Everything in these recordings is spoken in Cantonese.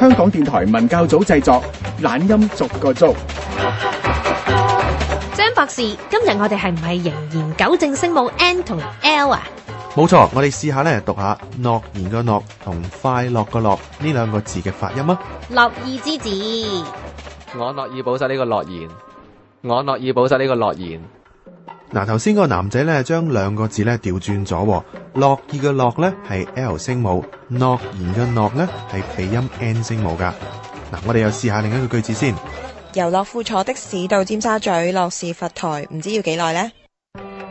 香港電台文教組製作，懶音逐個捉。張博士，今日我哋係唔係仍然糾正聲母 n 同 l 啊？冇錯，我哋試下咧，讀下諾言個諾同快樂個樂呢兩個字嘅發音啊！樂意之子，我樂意保守呢個諾言，我樂意保守呢個諾言。嗱，頭先個男仔咧，將兩個字咧調轉咗。樂意嘅樂咧係 L 聲母，諾言嘅諾咧係鼻音 N 聲母噶。嗱、啊，我哋又試下另一個句子先。由樂富坐的士到尖沙咀樂士佛台，唔知要幾耐呢？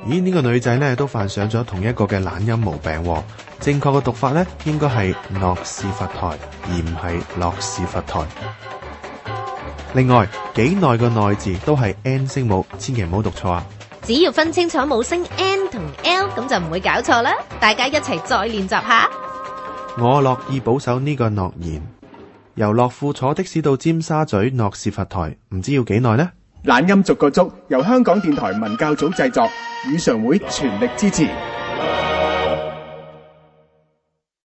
咦，呢、呢個女仔咧都犯上咗同一個嘅懶音毛病。啊、正確嘅讀法咧，應該係諾士佛台，而唔係樂士佛台。另外，幾耐嘅耐字都係 N 聲母，千祈唔好讀錯啊！只要分清楚冇聲 n 同 l，咁就唔會搞錯啦。大家一齊再練習下。我樂意保守呢個諾言。由樂富坐的士到尖沙咀諾士佛台，唔知要幾耐呢？懶音逐個捉，由香港電台文教組製作，語常會全力支持。